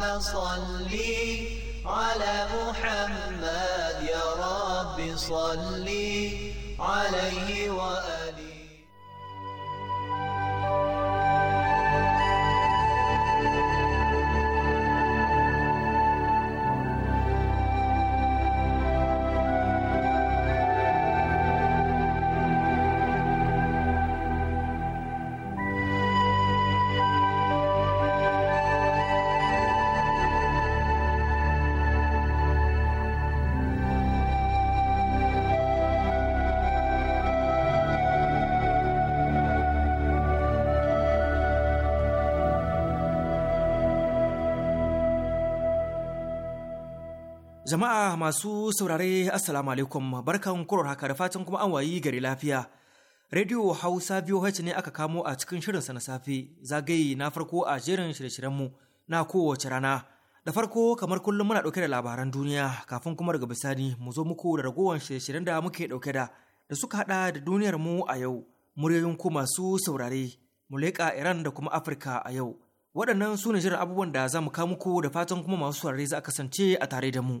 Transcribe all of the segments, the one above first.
اللهم صل على محمد يا رب صل عليه وآله Jama'a masu saurare Assalamu alaikum barkan kurar haka da fatan kuma an wayi gari lafiya. Radio Hausa biyu VOH ne aka kamo a cikin shirinsa na safe zagaye na farko a jerin shirye-shiryenmu na kowace rana. Da farko kamar kullum muna dauke da labaran duniya kafin kuma daga bisani mu zo muku da ragowar shirye-shiryen da muke ɗauke da da suka haɗa da duniyar mu a yau muryoyin ku masu saurare mu leƙa Iran da kuma Afirka a yau. waɗannan su ne jiran abubuwan da za mu kawo muku da fatan kuma masu saurare za a kasance a tare da mu.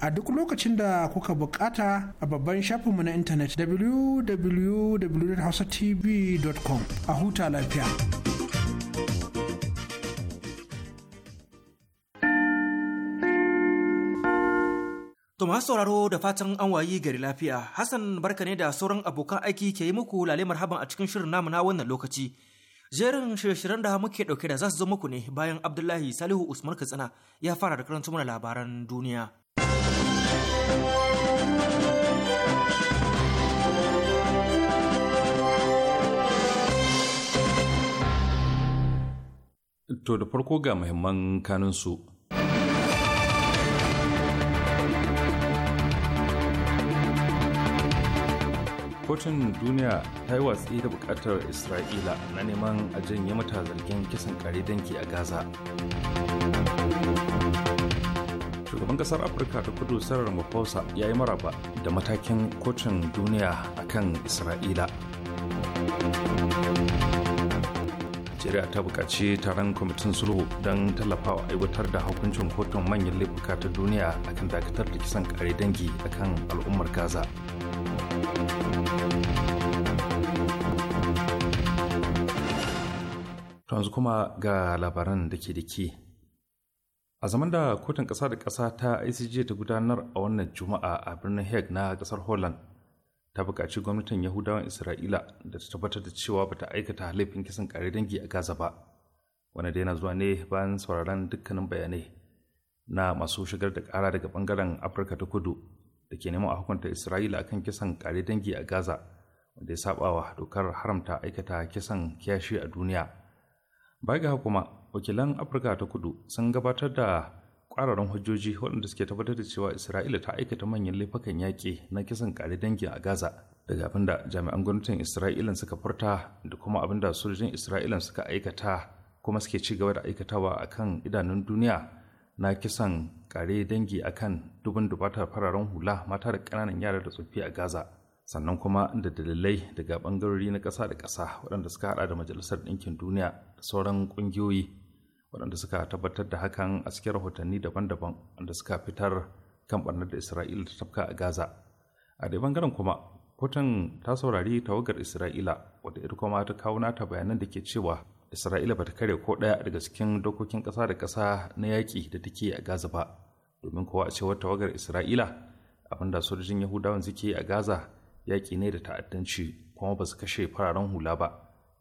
a duk lokacin da kuka bukata a babban shafinmu na intanet www.hausatv.com a huta lafiya. To masu sauraro da fatan an wayi gari lafiya, Hassan barka ne da sauran abokan aiki ke yi muku lale marhaban a cikin shirin namu na wannan lokaci. Jerin shirye-shiryen da muke ɗauke da za su zo muku ne bayan Abdullahi Salihu Usman Katsina ya fara da karanta labaran duniya. To da farko ga muhimman kanunsu. Kotun duniya ta yi watsi da bukatar Isra'ila na neman a janye mata zargin kisan kare danki a Gaza. shugaban kasar afirka ta kudu sarar mafosa ya yi maraba da matakin kotun duniya a kan isra'ila najeriya ta buƙaci taron kwamitin sulhu don tallafawa aiwatar da hukuncin kotun manyan laifuka ta duniya akan dakatar da kisan kare dangi akan al'ummar gaza yanzu kuma ga labaran da ke da ke a zaman da kotun ƙasa da ƙasa ta icj ta gudanar a wannan juma'a a birnin hague na ƙasar holland ta buƙaci gwamnatin yahudawan isra'ila da ta tabbatar da cewa bata aikata laifin kisan ƙare dangi a gaza ba wanda dai na zuwa ne bayan sauraron dukkanin bayanai na masu shigar da kara daga bangaren afirka ta kudu da ke neman a hukunta isra'ila akan kisan ƙare dangi a gaza wanda ya saɓawa dokar haramta aikata kisan kiyashi a duniya ba ga kuma wakilan Afirka ta kudu sun gabatar da kwararan hujjoji waɗanda suke tabbatar da cewa Isra'ila ta aikata manyan laifukan yaƙi na kisan kare dangi a Gaza daga abin da jami'an gwamnatin isra'ila suka furta da kuma abin da sojojin isra'ila suka aikata kuma suke ci gaba da aikatawa a kan idanun duniya na kisan kare dangi akan dubin dubatar fararen hula mata da ƙananan yara da tsoffi a Gaza. sannan kuma da dalilai daga bangarori na ƙasa da ƙasa waɗanda suka hada da majalisar ɗinkin duniya da sauran ƙungiyoyi waɗanda suka tabbatar da hakan a cikin rahotanni daban-daban wanda suka fitar kan ɓarnar da isra'ila ta tafka a gaza a dai bangaren kuma kotun ta saurari tawagar isra'ila wadda ita kuma ta kawo nata bayanan da ke cewa isra'ila bata kare ko ɗaya daga cikin dokokin ƙasa da ƙasa na yaƙi da take a gaza ba domin kowa a cewar tawagar isra'ila abinda sojojin yahudawan suke a gaza yaƙi ne da ta'addanci kuma ba su kashe fararen hula ba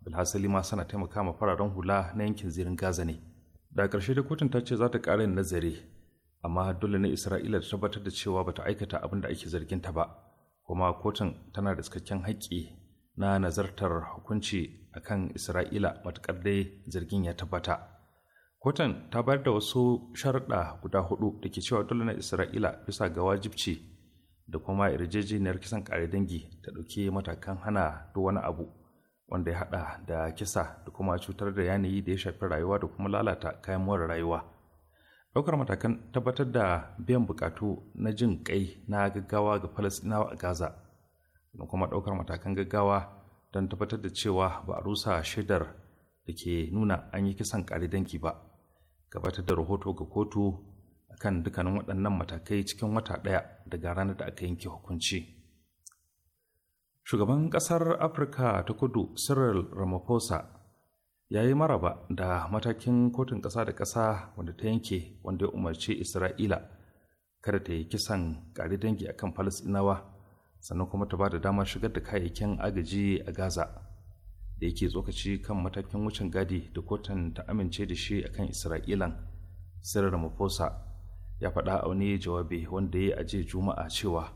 bilhassali ma suna taimaka ma fararen hula na yankin zirin gaza ne da ƙarshe da kotun ta ce za ta ƙara yin nazari amma dole ne isra'ila ta tabbatar da cewa bata aikata abin da ake zargin ta ba kuma kotun tana da cikakken haƙƙi na nazartar hukunci akan isra'ila matuƙar dai zargin ya tabbata Kotun ta bayar da wasu sharaɗa guda hudu da ke cewa dole na Isra'ila bisa ga wajibci da kuma yarjejeniyar kisan ƙare dangi ta ɗauki matakan hana duk wani abu wanda ya haɗa da kisa da kuma cutar da yanayi da ya shafi rayuwa da kuma lalata kayan more rayuwa ɗaukar matakan tabbatar da biyan bukatu na jin kai na gaggawa ga falasɗinawa a gaza da kuma ɗaukar matakan gaggawa don tabbatar da cewa ba a rusa shaidar da ke nuna an yi kisan ƙare dangi ba gabatar da rahoto ga kotu kan dukkanin waɗannan matakai cikin wata ɗaya daga ranar da aka yanke hukunci. Shugaban ƙasar Afirka ta kudu Cyril Ramaphosa ya yi maraba da matakin kotun ƙasa da ƙasa wanda ta yanke wanda ya umarci Isra'ila kada ta yi kisan ƙari dangi a kan Falasɗinawa sannan kuma ta ba da damar shigar da kayayyakin agaji a Gaza da yake tsokaci kan matakin wucin gadi da kotun ta amince da shi a kan Isra'ilan. Cyril Ramaphosa ya faɗa a wani jawabi wanda ya yi a jiya juma'a cewa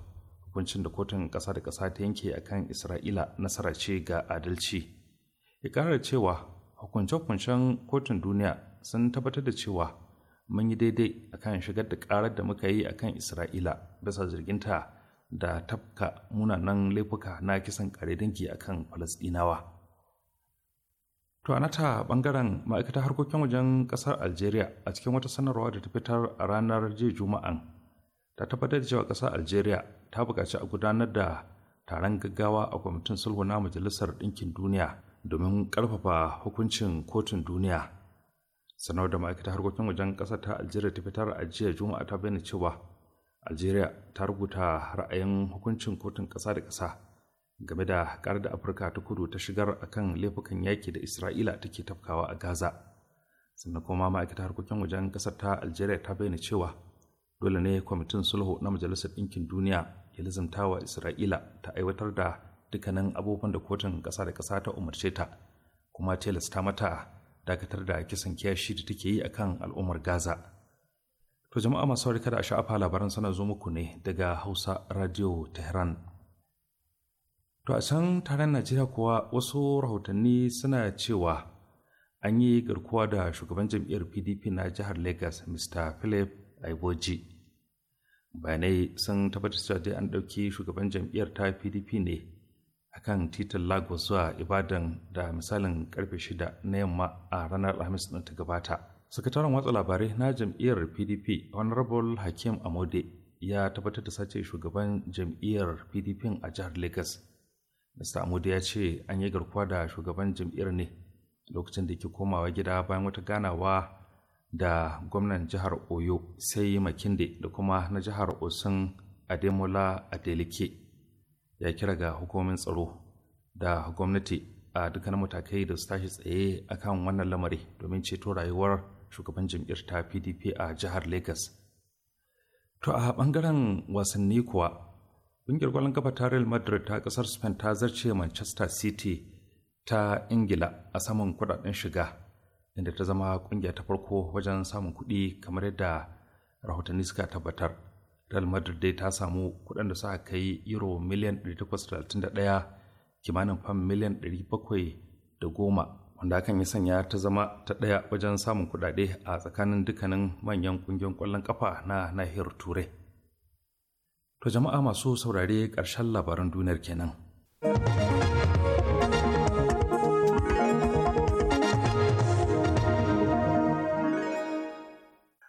hukuncin da kotun ƙasa da ƙasa ta yanke a kan isra'ila nasara ce ga adalci ya ƙara cewa hukunce-hukuncen kotun duniya sun tabbatar da cewa mun yi daidai a akan shigar da ƙarar da muka yi a kan isra'ila bisa zarginta da tafka munanan laifuka na kisan kare dangi kan falasɗinawa To a nata bangaren ma'aikatar harkokin wajen kasar Algeria a cikin wata sanarwa da ta fitar a ranar jiya Juma'an ta tabbatar da cewa kasar Algeria ta buƙaci a gudanar da taron gaggawa a kwamitin sulhu na Majalisar Ɗinkin Duniya domin ƙarfafa hukuncin kotun duniya. Sanar da ma'aikatar harkokin wajen ƙasar ta Algeria ta fitar a jiya Juma'a ta bayyana cewa Algeria ta rubuta ra'ayin hukuncin kotun ƙasa da ƙasa game da haƙar da afirka ta kudu ta shigar a kan laifukan yaƙi da isra'ila take tafkawa a gaza sannan kuma ma'aikatar harkokin wajen ƙasar ta algeria ta bayyana cewa dole ne kwamitin sulhu na majalisar ɗinkin duniya ya lizamta wa isra'ila ta aiwatar da dukkanin abubuwan da kotun ƙasa da ƙasa ta umarce ta kuma tilasta mata dakatar da kisan kiyashi da take yi akan al'ummar gaza to jama'a masu kada a sha'afa labaran sana zo muku ne daga hausa radio tehran To a can taron Najeriya kuwa wasu rahotanni suna cewa an yi garkuwa da shugaban jam'iyyar PDP na jihar Lagos Mr. Philip Aiboji. Bayanai sun tabbatar dai an ɗauki shugaban jam'iyyar ta PDP ne akan titin Lagos zuwa Ibadan da misalin karfe shida na yamma a ranar Alhamis ɗin ta gabata. Sakataren watsa labarai na jam'iyyar PDP Honorable Hakim Amode ya tabbatar da sace shugaban jam'iyyar PDP a jihar Lagos. mista Amudu ya ce an yi garkuwa da shugaban jam'iyyar ne lokacin da ke komawa gida bayan wata ganawa da gwamnan jihar oyo sai makinde da kuma na jihar osun ademola delike ya kira ga hukumomin tsaro da gwamnati a dukkan matakai da su tashi tsaye akan wannan lamari domin ceto rayuwar shugaban jam'iyyar ta pdp a jihar lagos to a ɓangaren wasanni kuwa ƙungiyar kwallon kafa ta real madrid ta ƙasar spain ta zarce manchester city ta ingila a saman kudaden shiga inda ta zama ƙungiya ta farko wajen samun kuɗi kamar yadda rahotanni suka tabbatar real madrid dai ta samu kuɗin da suka kai euro miliyan 831 kimanin fam miliyan 710 wanda hakan ya sanya ta zama ta ɗaya wajen samun kuɗaɗe a tsakanin dukkanin manyan ƙungiyar ƙwallon kafa na nahiyar turai To jama'a masu saurare ƙarshen labaran duniyar kenan.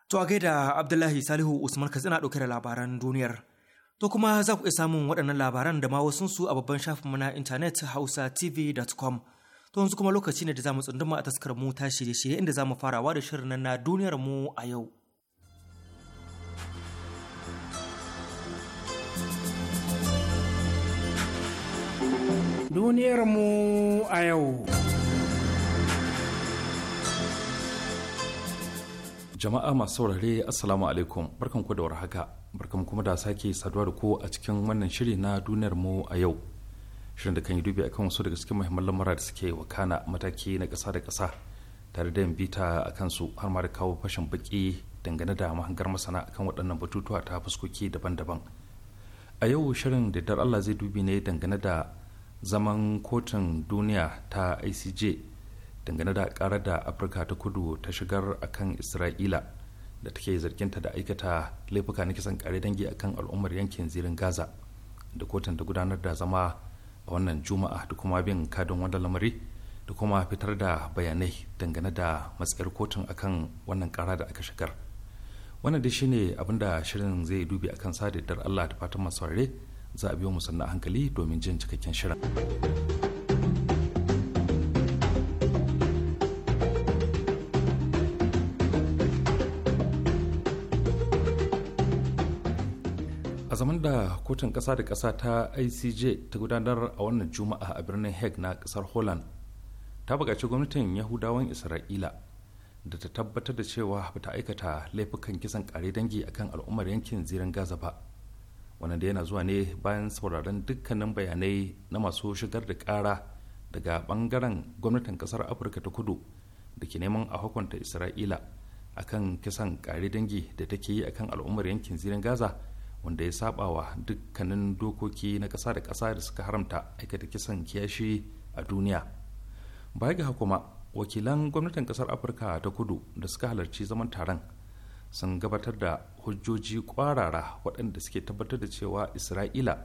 To a gaida Abdullahi Salihu Usman Katsina ɗauke da labaran duniyar. To kuma za ku iya samun waɗannan labaran da ma wasunsu a babban shafinmu na intanet hausatv.com. To yanzu kuma lokaci ne da za mu tsunduma a taskar mu ta shirye-shirye inda za mu farawa da shirin na duniyar mu a yau. duniyarmu a yau. Jama'a masu saurare Assalamu alaikum barkan ku da warhaka barkan kuma da sake saduwa da ku a cikin wannan shiri na duniyarmu a yau. Shirin da kan yi dubi akan wasu daga cikin muhimman lamura da suke wakana mataki na ƙasa da ƙasa tare da yin bita a kansu har ma da kawo fashin baki dangane da mahangar masana akan waɗannan batutuwa ta fuskoki daban-daban. A yau shirin da dar Allah zai dubi ne dangane da zaman kotun duniya ta icj dangane da karar da afirka ta kudu ta shigar akan isra'ila da take zarginta da aikata laifuka na kisan kare dangi akan al'ummar yankin zirin gaza da kotun ta gudanar da zama a wannan juma'a da kuma bin kadin wanda lamari da kuma fitar da bayanai dangane da matsayar kotun akan wannan kara da aka shigar wannan dai shine abinda shirin zai dubi akan sa da Allah da fatan masu za a biyo mu sannan hankali domin jin cikakken shirin a zaman da kotun ƙasa da ƙasa ta icj ta gudanar a wannan juma'a a birnin hague na ƙasar holland ta buƙaci gwamnatin yahudawan isra'ila da ta tabbatar da cewa ba ta aikata laifukan kisan ƙare dangi akan al'ummar yankin zirin gaza ba wannan da yana zuwa ne bayan sauraron dukkanin bayanai na masu shigar da kara daga bangaren gwamnatin kasar afirka ta kudu da ke neman a hukunta isra'ila akan kisan kare dangi da take yi akan al'ummar yankin zirin gaza wanda ya saba wa dukkanin dokoki na kasa da kasa da suka haramta aikata kisan kiyashi a duniya baya ga kuma wakilan gwamnatin kasar afirka ta kudu da suka halarci zaman taron sun gabatar da hujjoji kwarara waɗanda suke tabbatar da cewa isra'ila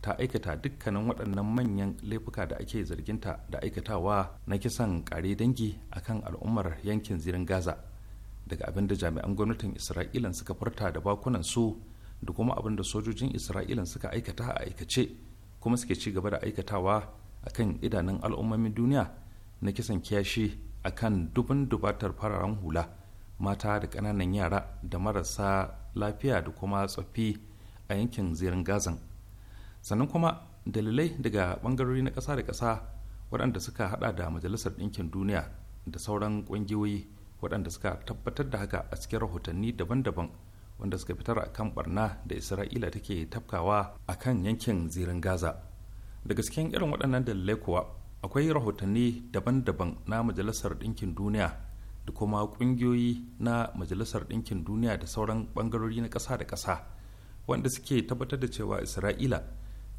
ta aikata dukkanin waɗannan manyan laifuka da ake zarginta da aikatawa na kisan kare dangi a kan al'ummar yankin zirin gaza daga abin da jami'an gwamnatin isra'ilan suka furta da bakunan su da kuma abin da sojojin isra'ilan suka aikata a aikace kuma suke ci gaba da aikatawa a kan idanun al'ummomin duniya na kisan kiyashi kan dubin dubatar fararen hula mata da ƙananan yara da marasa lafiya da kuma tsoffi a yankin zirin gazan sannan kuma dalilai daga ɓangarori na ƙasa da ƙasa waɗanda suka hada da majalisar ɗinkin duniya da sauran ƙungiyoyi waɗanda suka tabbatar da haka a cikin rahotanni daban-daban wanda suka fitar a kan barna da isra'ila take tafkawa a kan yankin zirin gaza daga cikin irin waɗannan dalilai kuwa akwai rahotanni daban-daban na majalisar ɗinkin duniya da kuma ƙungiyoyi na majalisar ɗinkin duniya da sauran ɓangarori na ƙasa da ƙasa wanda suke tabbatar da cewa isra'ila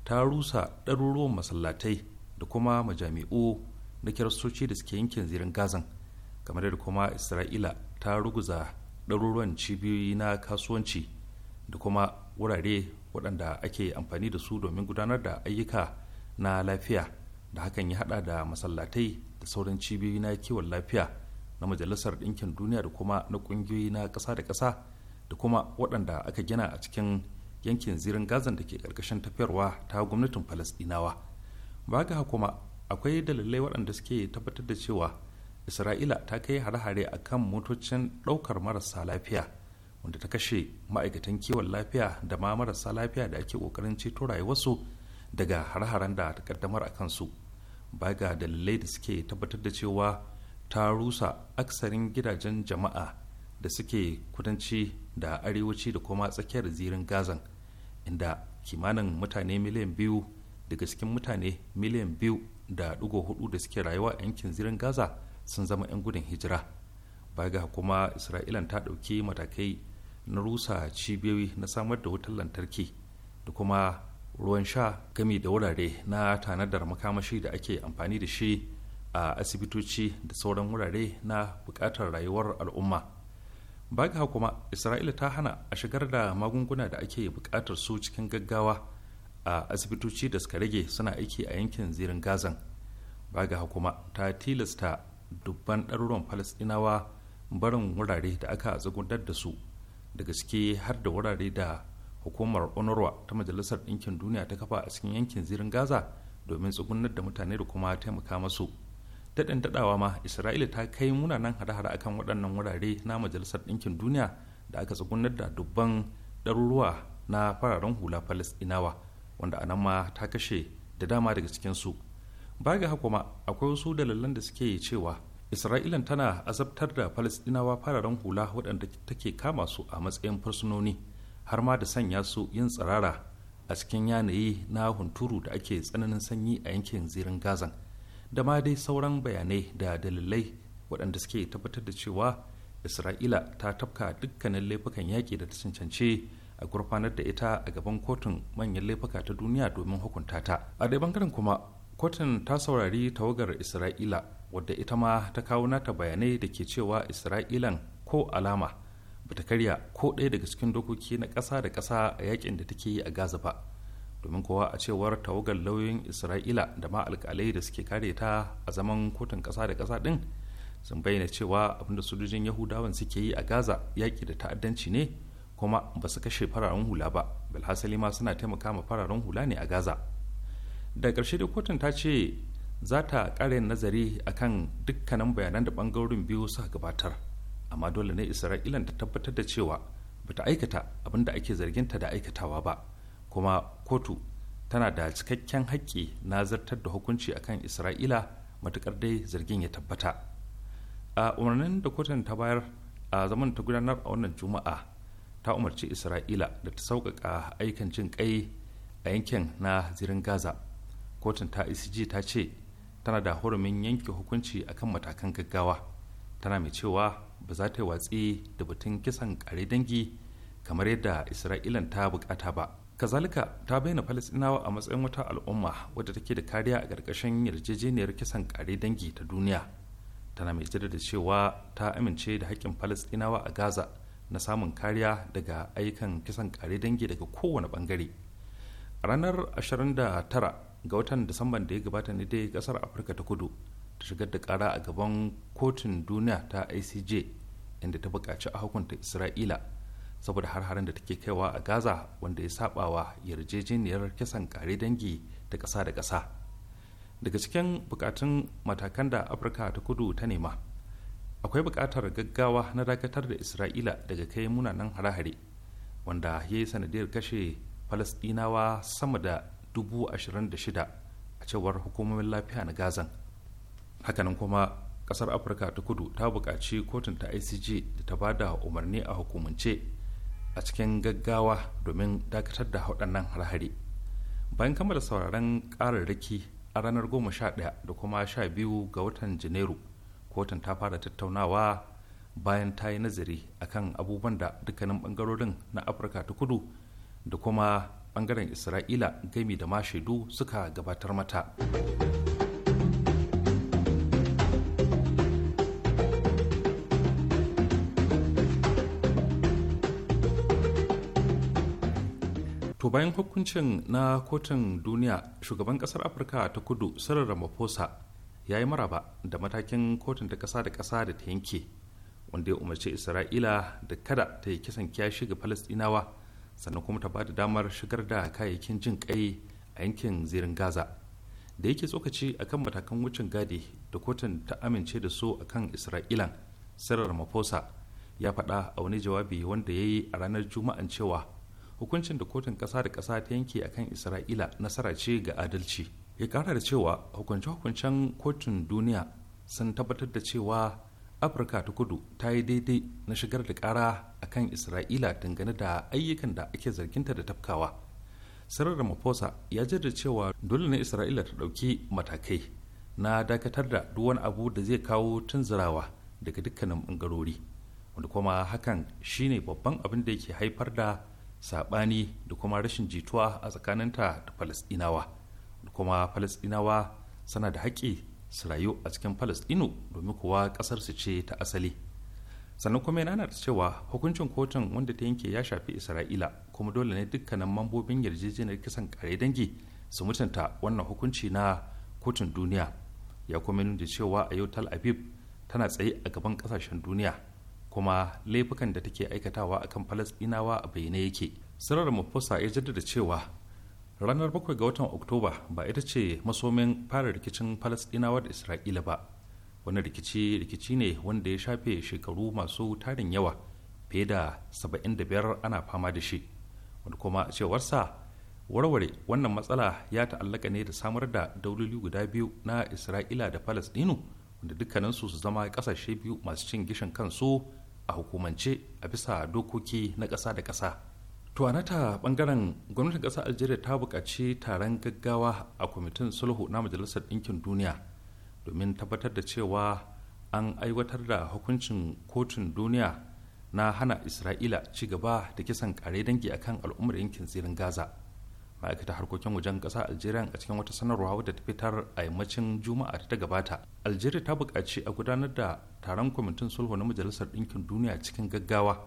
ta rusa ɗaruruwan masallatai da kuma majami'u na kiristoci da suke yankin zirin gazan kamar da kuma isra'ila ta ruguza ɗaruruwan cibiyoyi na kasuwanci da kuma wurare waɗanda ake amfani da su domin gudanar da ayyuka na lafiya da hakan ya haɗa da masallatai da sauran cibiyoyi na kiwon lafiya na majalisar ɗinkin duniya da kuma na ƙungiyoyi na ƙasa da ƙasa da kuma waɗanda aka gina a cikin yankin zirin gazan da ke ƙarƙashin tafiyarwa ta gwamnatin falasɗinawa ba ga kuma akwai dalilai waɗanda suke tabbatar da cewa isra'ila ta kai hare-hare a kan motocin ɗaukar marasa lafiya wanda ta kashe ma'aikatan kiwon lafiya da ma marasa lafiya da ake ƙoƙarin ceto rayuwarsu daga hare-haren da ta kaddamar a kansu ba ga dalilai da suke tabbatar da cewa ta rusa aksarin gidajen jama'a da suke kudanci da arewaci da kuma tsakiyar zirin gazan inda kimanin mutane miliyan biyu daga cikin mutane miliyan biyu da ɗigo hudu da suke rayuwa a yankin zirin gaza sun zama 'yan gudun hijira baya ga kuma isra'ilan ta ɗauki matakai na rusa cibiyoyi na samar da wutar lantarki da kuma ruwan sha gami da wurare na tanadar makamashi da ake amfani da shi a asibitoci da sauran wurare na bukatar rayuwar al'umma ba ga kuma isra'ila ta hana a shigar da magunguna da ake bukatar su cikin gaggawa a asibitoci da suka rage suna aiki a yankin zirin gazan ba ga kuma ta tilasta dubban ɗaruruwan falasɗinawa barin wurare da aka zagundar da su da gaske har da wurare da hukumar onarwa ta majalisar ɗinkin duniya ta kafa a cikin yankin zirin gaza domin tsugunar da mutane da kuma taimaka masu daɗin daɗawa ma isra'ila ta kai munanan hada-hada akan waɗannan wurare na majalisar ɗinkin duniya da aka tsugunar da dubban ɗaruruwa na fararen hula falastinawa wanda anan ma ta kashe da dama daga cikinsu ba ga haka ma akwai wasu dalilan da suke cewa isra'ilan tana azabtar da falastinawa fararen hula waɗanda take kama su a matsayin fursunoni har ma da sanya su yin tsirara a cikin yanayi na hunturu da ake tsananin sanyi a yankin zirin gazan da ma dai sauran bayanai da dalilai waɗanda suke tabbatar da cewa isra'ila ta tafka dukkanin laifukan yaƙi da ta cancance a gurfanar da ita a gaban kotun manyan laifuka ta duniya domin hukunta ta a dai bangaren kuma kotun ta saurari tawagar isra'ila wadda ita ma ta kawo nata bayanai da ke cewa isra'ilan ko alama bata karya ko ɗaya daga cikin dokoki na ƙasa da ƙasa a yaƙin da take yi a gaza ba domin kowa a cewar tawagar lauyoyin isra'ila da ma alkalai da suke kare ta a zaman kotun ƙasa da ƙasa ɗin sun bayyana cewa abinda sojojin yahudawan suke yi a gaza yaƙi da ta'addanci ne kuma ba su kashe fararen hula ba bilhassali ma suna taimaka ma fararen hula ne a gaza da ƙarshe da kotun ta ce za ta ƙara nazari akan dukkanin bayanan da ɓangarorin biyu suka gabatar amma dole ne isra'ilan ta tabbatar da cewa bata aikata abin da ake zarginta da aikatawa ba kuma kotu tana da cikakken haƙƙi na zartar da hukunci akan isra'ila matuƙar dai zargin ya tabbata a umarnin da kotun ta bayar a zaman ta gudanar a wannan juma'a ta umarci isra'ila da ta sauƙaƙa aikan jin ƙai a yankin na zirin gaza kotun ta icg e ta ce tana da hurumin yanke hukunci akan matakan gaggawa tana mai cewa ba za ta yi watsi da batun kisan kare dangi kamar yadda isra'ilan ta bukata ba kazalika ta bayyana falasɗinawa a matsayin wata al'umma wadda take da kariya a ƙarƙashin yarjejeniyar kisan ƙare dangi ta duniya tana mai da cewa ta amince da haƙƙin falasɗinawa a gaza na samun kariya daga ayyukan kisan ƙare dangi daga kowane ɓangare a ranar 29 ga watan disamban da ya gabata ne dai ƙasar afirka ta kudu ta shigar da ƙara a gaban kotun duniya ta icj inda ta buƙaci a hukunta isra'ila saboda har-haren da take kaiwa a gaza wanda ya sabawa yarjejeniyar kisan kare dangi da ƙasa da ƙasa daga cikin bukatun matakan da afirka ta kudu ta nema akwai bukatar gaggawa na dakatar da isra'ila daga kai munanan hare wanda ya yi sanadiyar kashe falasdinawa sama da dubu ashirin da shida a cewar hukumomin lafiya na gazan hakanan kuma kasar afirka ta kudu ta bukaci kotun ta icj da ta bada umarni a hukumance a cikin gaggawa domin dakatar da waɗannan harhari bayan kammala sauraron ƙararraki a ranar 11 da kuma 12 ga watan janairu kotun ta fara tattaunawa bayan ta yi nazari akan abubuwan da dukkanin bangarorin na afirka ta kudu da kuma bangaren isra'ila gami da ma shaidu suka gabatar mata. to bayan hukuncin na kotun duniya shugaban kasar afirka ta kudu sarar ramaphosa ya yi maraba da matakin kotun ta kasa da kasa da ta yanke wanda ya umarci isra'ila da kada ta yi kisan kiyashi ga falastinawa sannan kuma ta ba da damar shigar da kayayyakin jin kai a yankin zirin gaza da yake tsokaci akan matakan wucin gadi da kotun ta amince da su akan isra'ilan sarar ramaphosa ya faɗa a wani jawabi wanda ya yi a ranar juma'an cewa hukuncin da kotun ƙasa da ƙasa ta yanke akan isra'ila nasara ce ga adalci ya ƙara da cewa hukunce-hukuncen kotun duniya sun tabbatar da cewa afirka ta kudu ta yi daidai na shigar da ƙara akan isra'ila dangane da ayyukan da ake zarginta da tafkawa sarar ramaphosa ya jaddada cewa dole ne isra'ila ta ɗauki matakai na dakatar da duk wani abu da zai kawo tunzurawa daga dukkanin bangarori wanda kuma hakan shine babban abin da yake haifar da saɓani da kuma rashin jituwa a tsakaninta da falasɗinawa da kuma falasɗinawa sana da haƙƙi su rayu a cikin falasɗinu domin kuwa ƙasar su ce ta asali sannan kuma yana da cewa hukuncin kotun wanda ta yanke ya shafi isra'ila kuma dole ne dukkanin mambobin yarjejeniyar kisan kare dangi su mutunta wannan hukunci na kotun duniya ya kuma nuna cewa a yau tal aviv tana tsaye a gaban kasashen duniya kuma laifukan da take aikatawa a akan falasɗinawa a bayyane yake sirar mafosa ya jaddada cewa ranar 7 ga watan oktoba ba ita ce masomin fara rikicin falasɗinawa da isra'ila ba wani rikici rikici ne wanda ya shafe shekaru masu tarin yawa fiye da 75 ana fama da shi wani kuma a cewarsa warware wannan matsala ya ta'allaka ne da samar da dauloli guda biyu na isra'ila da falasdinu wanda dukkaninsu su zama kasashe biyu masu cin gishin kansu a hukumance a bisa dokoki na ƙasa da ƙasa to a bangaren gwamnatin ƙasar algeria ta buƙaci taron gaggawa a kwamitin sulhu na majalisar ɗinkin duniya domin tabbatar da cewa an aiwatar da hukuncin kotun duniya na hana isra'ila ci gaba da kisan kare dangi akan al'ummar yankin tsirin gaza ma'aikatar harkokin wajen ƙasa algeria a cikin wata sanarwa wadda ta fitar a yammacin juma'a ta gabata algeria ta buƙaci a gudanar da taron kwamitin sulhu na majalisar ɗinkin duniya cikin gaggawa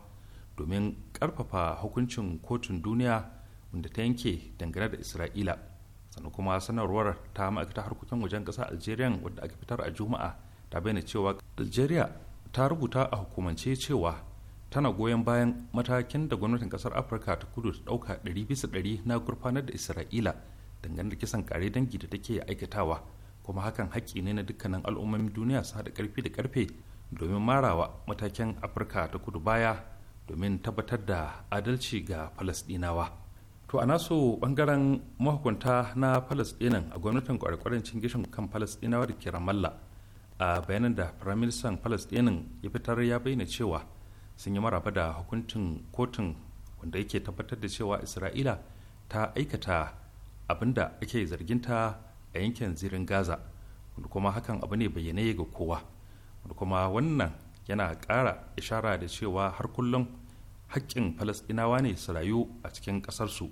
domin ƙarfafa hukuncin kotun duniya wanda ta yanke dangane da isra'ila sannan kuma sanarwar ta ma'aikata harkokin wajen ƙasa algeria wadda aka fitar a juma'a ta bayyana cewa algeria ta rubuta a hukumance cewa tana goyon bayan matakin da gwamnatin kasar afirka ta kudu ta dauka 100% na gurfanar da isra'ila dangane da kisan kare dangi da take aikatawa kuma hakan haƙƙi ne na dukkanin al'ummomin duniya su haɗa ƙarfi da ƙarfe domin marawa matakin afirka ta kudu baya domin tabbatar da adalci ga falasɗinawa to a naso bangaren mahukunta na falasɗinan a gwamnatin cin gishin kan falasɗinawa da ke ramallah a bayanan da firaministan falasɗinin ya fitar ya bayyana cewa sun yi maraba da hukuncin kotun wanda yake tabbatar da cewa isra'ila ta aikata abin da ake zarginta a yankin zirin gaza wanda kuma hakan abu ne bayyane ga kowa wanda kuma wannan yana ƙara ishara da cewa har kullum haƙƙin falasɗinawa ne su rayu a cikin ƙasarsu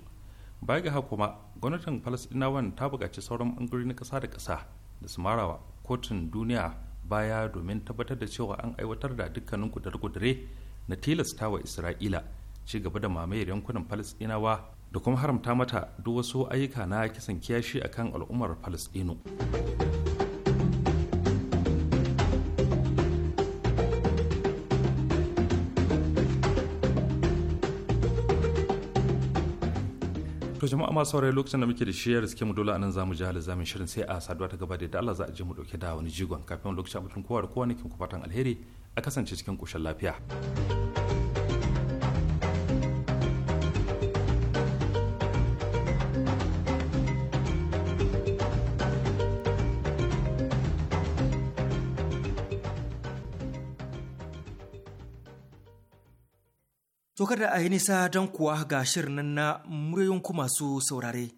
baya ga kuma gwamnatin falasɗinawan ta buƙaci sauran ɓangarori na ƙasa da ƙasa da su marawa kotun duniya baya domin tabbatar da cewa an aiwatar da dukkanin gudare-gudare na tilasta wa isra'ila ci gaba da mamayar yankunan falasɗinawa da kuma haramta mata duk wasu ayyuka na kisan kiyashi akan al'ummar falasɗinu jama'a masu saurayi lokacin da muke da shiyar suke mu dole anan zamu ji halizamin shirin sai a saduwa ta gaba da yadda Allah za a je mu dauke da wani jigon kafin lokacin mutum kowa da kowa ne ku fatan alheri a kasance cikin koshin lafiya. kada a yi nisa don kuwa ga shirin nan na muryoyin ku masu saurare.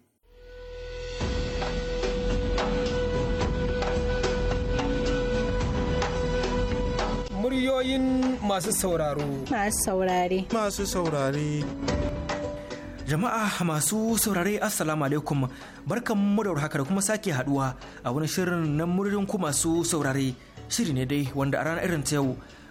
Muryoyin masu sauraro. Masu saurare. Masu saurare. Jama'a masu saurare Assalamu alaikum barkan mu da haka da kuma sake haduwa a wani shirin na muryoyin ku masu saurare shiri ne dai wanda a ranar irin ta yau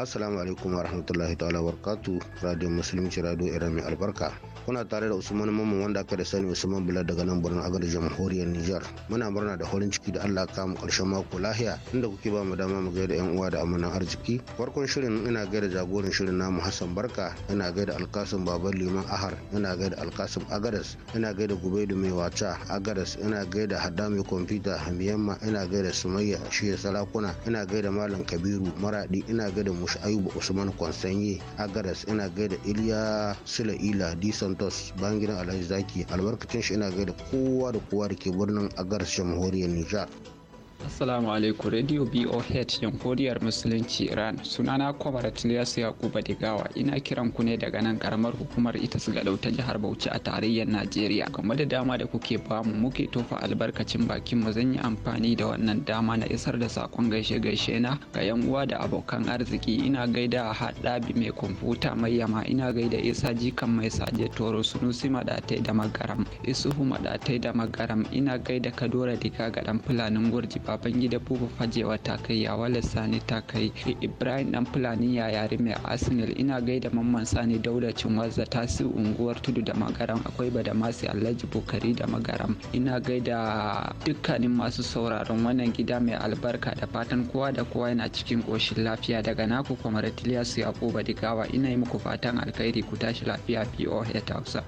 assalamu alaikum warahmatullahi ta'ala barkatu radio musulunci radio iran albarka kuna tare da usman mamman wanda aka da sani usman bula daga nan birnin agar jamhuriyar niger muna murna da horin ciki da allah ka mu karshen mako lahiya inda kuke ba mu dama mu gaida yan uwa da amanan arziki farkon shirin ina gaida jagoran shirin namu hassan barka ina gaida alkasim babar liman ahar ina gaida alkasim agadas ina gaida gubaidu mai wata agadas ina gaida haddami mai kwamfuta hamiyamma ina gaida sumayya shiya salakuna. ina gaida malam kabiru maradi ina gaida adamu ayuba usman kwansanye agaras ina gaida iliya ila di santos bayan gidan alhaji zaki albarkacin shi ina gaida kowa da kowa da ke birnin agaras jamhuriyar nijar Assalamu alaikum Radio BOH Jamhuriyar Musulunci Iran sunana Kwamarat Ilyasu Yakuba Digawa ina kiran ku ne daga nan karamar hukumar ita su galau ta jihar Bauchi a tarayyar Najeriya kamar da dama da kuke bamu muke tofa albarkacin bakin mu zan yi amfani da wannan dama na isar da sakon gaishe gaishe na ga yan uwa da abokan arziki ina gaida hada haɗabi mai kwamfuta mai yama ina gaida Isa Jikan mai saje Toro Sunusi Madatai da Magaram Isuhu Madatai da Magaram ina gaida Kadora Diga ga dan fulanin Gurji Babangida Buba Fajewa ta kai Yawala Sani ta kai Ibrahim Dan Fulani yare mai Arsenal ina gaida Mamman Sani Dauda Cinwazza su unguwar Tudu da Magaram akwai Bada masu Alhaji Bukari da Magaram ina gaida dukkanin masu sauraron wannan gida mai albarka da fatan kowa da kowa yana cikin koshin lafiya daga naku kwamar Tiliyasu Yakuba Digawa ina yi muku fatan alkhairi ku tashi lafiya ya Hausa.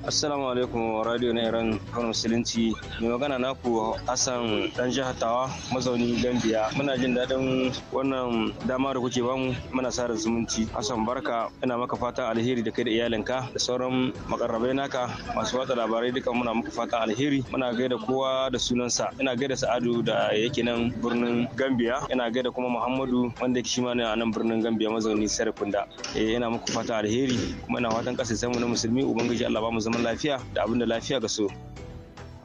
Assalamu alaikum radio na Iran kan musulunci mai magana naku Hassan dan jihar Tawa mazauni Gambia muna jin daɗin wannan dama da kuke bamu muna sa zumunci Hassan barka ina maka fatan alheri da kai da iyalinka da sauran makarrabai naka masu watsa labarai duka muna maka fatan alheri muna gaida kowa da sunansa ina gaida Sa'adu da yake nan birnin Gambia ina gaida kuma Muhammadu wanda yake shi ma a nan birnin Gambia mazauni Sarkunda eh ina maka fatan alheri kuma ina fatan kasance mu na musulmi ubangiji Allah ba mu zaman lafiya da abin da lafiya ga su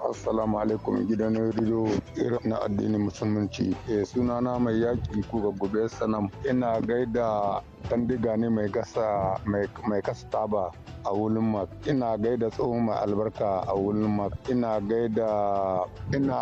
assalamu alaikum gidan rido, irin na addinin musulunci e, sunana mai yaƙi ku ga gobe sanam ina gaida dan diga ne mai gasa mai kasa taba a wulin ina gaida tsohon mai albarka a wulin ina gaida ina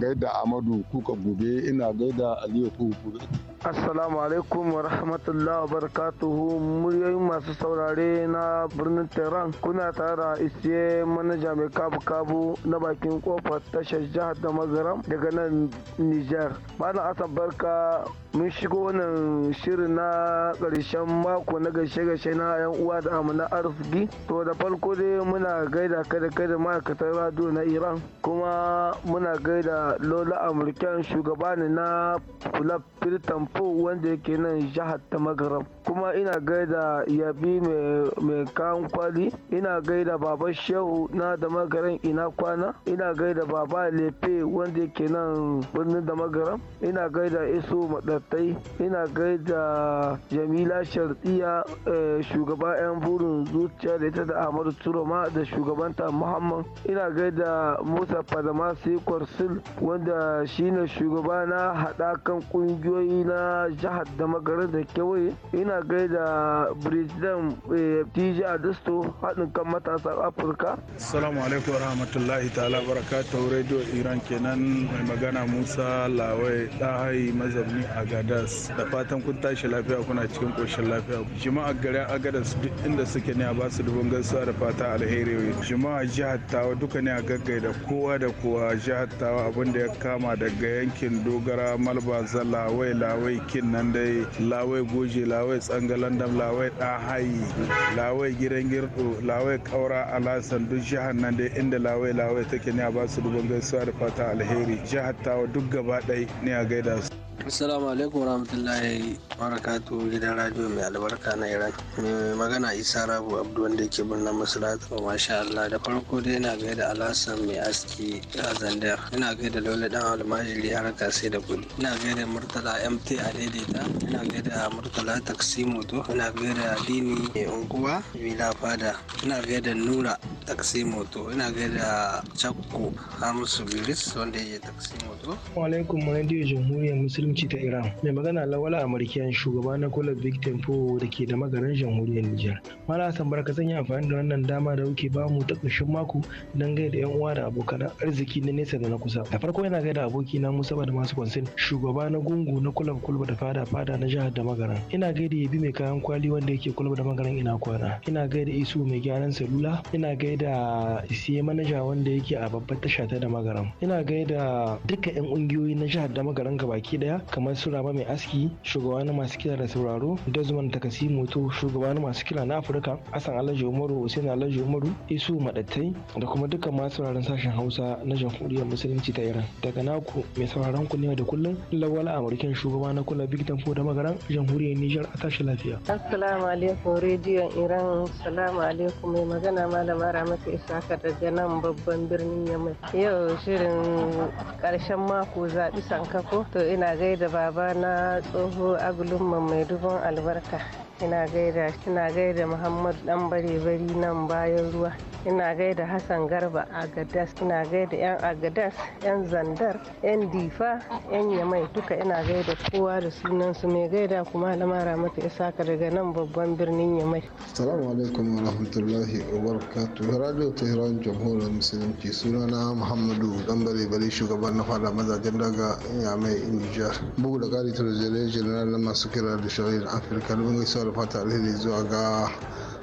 gaida amadu kuka gube ina gaida aliyu kuka gube Assalamu alaikum wa rahmatullahi wa barakatuhu muryoyi masu saurare na birnin Tehran kuna tara isiye manaja mai kabu-kabu na bakin kofar tashar jihar da magaram daga nan Nijar. Malam Asan barka mun shigo wannan shirin na ƙarshen mako na gashe-gashe na yan uwa da na arziki to da farko dai muna gaida kada kada ma'aikatar radio na iran kuma muna gaida lola amurken shugaba ne na fulaf tampo wanda yake nan jihar ta magaram kuma ina gaida yabi mai kan kwali ina gaida baba shehu na da magaran ina kwana ina gaida baba lefe wanda yake nan birnin da magaram ina gaida iso madattai ina gaida jamila sharɗiya eh, shugaba yan burin zuciya da ita da ahmadu turoma da shugabanta muhammad ina gaida musa fadama sai kwarsil wanda shine shugaba na haɗakan ƙungiyoyi na jihar da magarin da kewaye ina gaida brisbane eh, tj adisto haɗin kan matasan afirka assalamu alaikum warahmatullahi ta'ala barakatuhu radio iran kenan mai magana musa lawai ɗahai mazabni a gadas da fatan kun tashi lafiya kuna cikin koshin lafiya jama'a garin agadas duk inda suke ne a ba su dubin gaisuwa da fata alheri jama'a jihar tawa duka ne a gaggai da kowa da kowa jihar tawa abin da ya kama daga yankin dogara malbaza lawai lawai kin nan dai lawai goje lawai dam lawai dan hayi lawai gidan girdo lawai kaura alasan duk jihar nan dai inda lawai lawai take ne a ba su dubin gaisuwa da fata alheri jihar tawa duk gaba ɗaya ne a gaida su Assalamu alaikum warahmatullahi barakatu gidan radio mai albarka na Iran. Mai magana Isa Rabu Abdu wanda yake birnin Masalatu masha Allah da farko dai na gaida da Alhassan mai aski a Zandar. Ina gaida da Lola dan Almajiri harka sai da kudi. Ina gaida da Murtala MT a daidaita. Ina gaida da Murtala Taxi Moto. Ina gaida da Dini mai unguwa Vila Fada. Ina gaida da Nura Taxi Moto. Ina gaida da chakku Hamisu Biris wanda yake Taxi Moto. Wa alaikum radio Jamhuriyar Musulmi musulunci ta iran mai magana lawala a amurkiyan shugaba na kula big tempo da ke da magaran jamhuriyar nijar mala hassan barka zan yi amfani da wannan dama da kuke bamu ta ƙarshen mako don gaida yan uwa da abokan arziki na nesa da na kusa da farko yana gaida aboki na musa da masu kwansin shugaba na gungu na kulab kulba da fada fada na jihar da magaran ina gaida yabi mai kayan kwali wanda yake kulba da magaran ina kwana ina gaida isu mai gyaran salula ina gaida isiye manaja wanda yake a babbar tasha ta da magaran ina gaida duka yan ƙungiyoyi na jihar da magaran gabaki daya kamar su Raba Mai Aski shugaba na masu kira da sauraro Desmond Takasi Moto shugaba na masu kira na Afirka asan Alhaji Umaru Hussein Alhaji Umaru Isu Madattai da kuma dukkan masu sauraron sashen Hausa na Jamhuriyar Musulunci ta Iran daga naku mai sauraron ku ne da kullum Lawal Amurken shugaba na kula Big Tempo da Magaran Jamhuriyar Nijar a tashi lafiya. Assalamu alaikum rediyon Iran Assalamu alaikum mai magana malama Ramatu Isaka daga nan babban birnin Yamai. Yau shirin karshen mako zaɓi sankako to ina gaida babana tsoho agulumma mai dubon albarka. ina gaida kina gaida muhammad dan bare bari nan bayan ruwa ina gaida hassan garba agadas ina gaida yan agadas yan zandar yan difa yan yamai duka ina gaida kowa da sunan su mai gaida kuma mara mata isaka daga nan babban birnin yamai assalamu alaikum wa rahmatullahi wa barakatuh radio tehran jamhuriyar musulunci sunana muhammadu dan bare bari shugaban na fada mazajen daga yamai nijar bugu da kari tarjare general na masu kira da shari'ar afirka na da alheri zuwa ga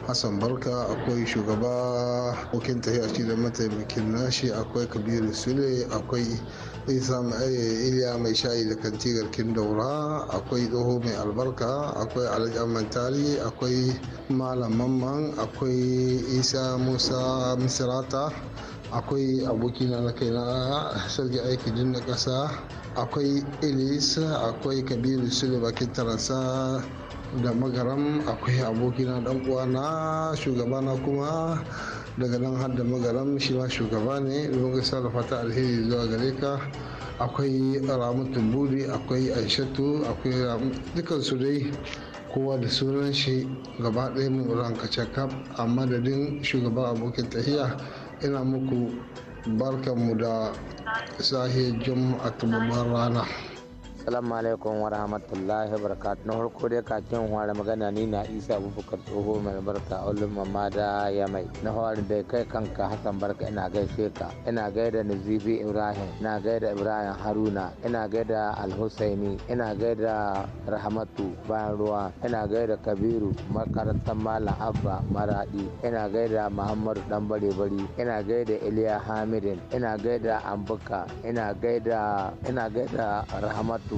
hassan barka akwai shugaba bukin tahiya da mataimakin nashi akwai kabiru sule akwai isa eh, iliya mai shayi da kantigar daura akwai tsoho mai albarka akwai alhaji tari akwai malam mamman akwai isa musa misirata akwai abokina na kai sarki aiki din na ƙasa akwai ilis akwai kabiru sule bakin taransa da magaram akwai abokina dan uwana shugabana kuma daga nan har da magaram shi ma shugaba ne don gaisa da fata alheri zuwa gare ka akwai ramu buri akwai aishatu akwai dukan su dai kowa da sunan shi gaba ɗaya mu rankace kaf a madadin shugaban abokin tahiya ina muku mu da sahi juma'atu babban rana. salamu alaikum wa rahmatullahi wa na farko dai kakin ware magana ni na isa abubakar tsoho mai albarka ulun mamma da ya mai na dai kai kanka hassan barka ina gaishe ka ina gaida nazifi ibrahim ina gaida ibrahim haruna ina gaida alhusaini ina gaida rahmatu bayan ruwa ina gaida kabiru makarantar malam abba maradi ina gaida muhammadu dan bare bari ina gaida iliya hamidin ina gaida ambuka ina gaida ina gaida rahmatu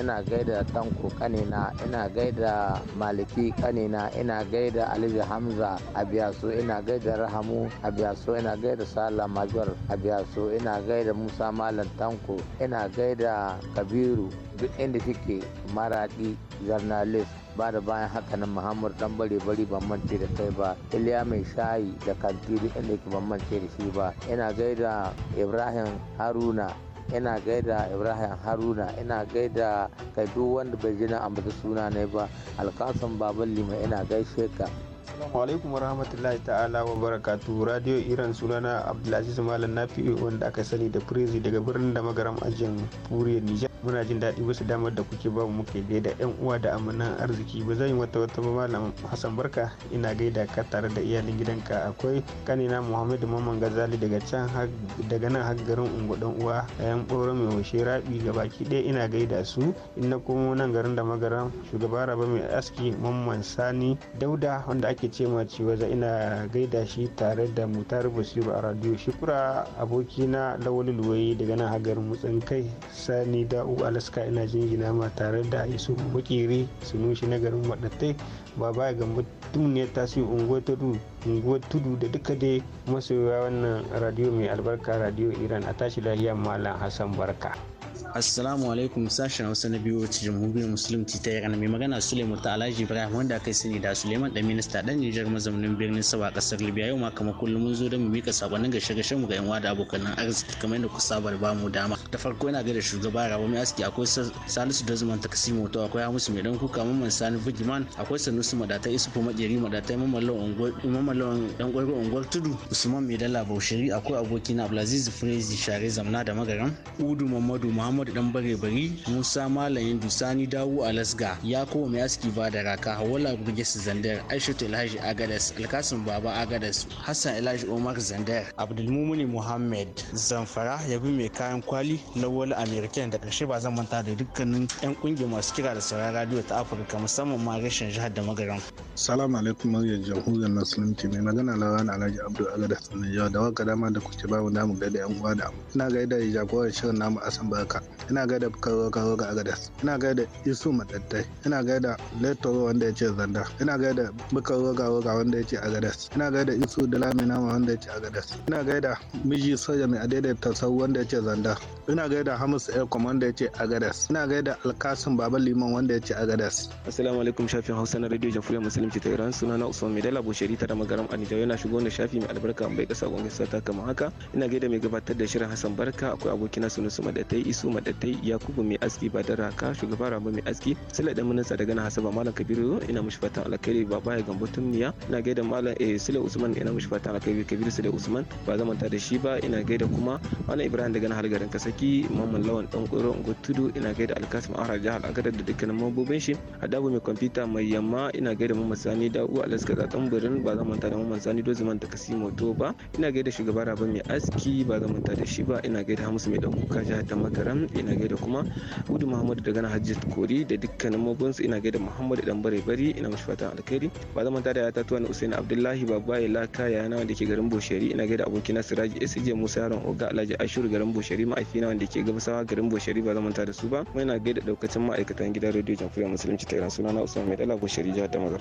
ina gaida Tanko kanina ina gaida Maliki kanina ina gaida Aliyu Hamza Abiyaso ina gaida Rahamu Abiyaso ina gaida Sala Major Abiyaso ina gaida Musa Malam Tanko ina gaida Kabiru duk inda suke maraɗi journalist ba da bayan haka nan muhammadu dan bare bari ban mance da kai ba iliya mai shayi da kanti duk inda ke ban mance da shi ba ina gaida ibrahim haruna ina gaida ibrahim haruna ina gaida ga duk wanda bai ji na suna ne ba alkasan baban lima ina gaishe ka Assalamu alaikum warahmatullahi ta'ala wa barakatu Radio Iran sunana Abdulaziz Malam Nafi'u wanda aka sani da Prezi daga birnin da magaram ajin Furiyar Nijar. Muna jin daɗi wasu damar da kuke ba mu kai gaida yan uwa da amanan arziki ba zan yi wata wata ba Malam Hassan Barka ina gaida ka tare da iyalin gidanka akwai kanina Muhammadu Mamman Gazali daga can daga nan har garin Ungo dan uwa yan boro mai hoshe rabi baki ɗaya ina gaida su inna kuma komo nan garin da magaram shugaba Raba mai aski Mamman Sani Dauda wanda ake ce ma cewa za ina gaida shi tare da mutar basiru a radio shukura abokina lawali luwaye daga nan hagar mutsin kai sani da'u alaska ina jingina ma tare da isu bukiri sunushi na garin maɗattai ba gambo tun ne tasiri unguwar tudu unguwar tudu da duka dai masoya wannan radio mai albarka radio iran a tashi lahiyar malam hassan barka assalamu alaikum sashen hausa na biyu wacce jamhuriyar musulunci ta iran mai magana suleiman ta alhaji ibrahim wanda aka sani da suleiman ɗan minista dan nijar mazaunin birnin sawa kasar libya yau ma kamar kullum mun zo don mu mika sakonnin gashe gashe mu ga yan da abokan arziki kamar yadda ku saba da mu dama da farko yana gaida da shugaba rabo mai aski akwai salisu dozman ta kasimo to akwai hamisu mai dan kuka mamman sani bugiman akwai sanusi madatai isufu majeri madatai lawan dan gwargo unguwar tudu usman mai dala baushiri akwai abokina abdulaziz firezi share zamna da magaram udu mamadu muhammadu dan bare bari musa malamin dusani dawu alasga yakubu mai aski ba da raka hawala burgesi zandar aishatu alhaji agadas alkasim baba agadas hassan alhaji omar zandar abdulmumuni muhammad zamfara ya yabi mai kayan kwali lawal american da karshe ba zan manta da dukkanin yan kungiyar masu kira da sauran radio ta afirka musamman ma rashin jihar da magaran salamu alaikum muryar jamhuriyar musulunci mai magana lawan alhaji abdul agadas sannan yau da waka dama da kuke ba mu damu da yan uwa da ina gaida jagorar shirin namu asan ba Baka ina gaida Karo Karo ga Agadas ina gaida Isu Matattai ina gaida Letoro wanda ya ce Zanda ina gaida Bukaro ga Roga wanda ya ce Agadas ina gaida Isu Dalaminama wanda ya ce Agadas ina gaida Miji Soja mai adaidaita sau wanda ya ce Zanda ina gaida Hamus Ekom wanda ya ce Agadas ina gaida Alkasim Baba Liman wanda ya ce Agadas Assalamu alaikum shafin Hausa na Radio Jamhuriyar Musulunci ta Iran na Usman Medela Bushari ta da magaram Anija yana shigo da shafi mai albarka mai kasa gwamnati ta kama haka ina gaida mai gabatar da shirin Hassan Barka akwai abokina Sunusu Madatai isu madattai yakubu mai aski ba da raka shugaba rabu mai aski sila da minista daga na hasaba malam kabiru ina mushi fatan alkhairi baba ya gambo tumniya ina gaida malam eh sila usman ina mushi fatan alkhairi kabiru sila usman ba ta da shi ba ina gaida kuma malam ibrahim daga na garin kasaki mamman lawan dan koro tudu ina gaida alkasim ahra jahal agadar da dukkanin mabobin shi adabu mai kwamfuta mai yamma ina gaida mamman sani da'u alaska tsatsan birin ba ta da mamman sani zaman ta kasi moto ba ina gaida shugaba rabu mai aski ba ta da shi ba ina gaida hamisu mai dan kuka jihar ta makara magaram ina gaida kuma gudu muhammadu daga nan hajjat kori da dukkanin mabins ina gaida muhammadu dan bare bari ina mishi fatan alkhairi ba zaman tada ya tatuwa na usaini abdullahi babba ya kaya yana wanda ke garin boshari ina gaida abokina siraji sj musa yaron oga alhaji ashiru garin boshari na wanda ke gabasawa garin boshari ba zaman da su ba ina gaida daukacin ma'aikatan gidan rediyo jamhuriyar musulunci ta iran sunana usman mai dala boshari jihar Damazar.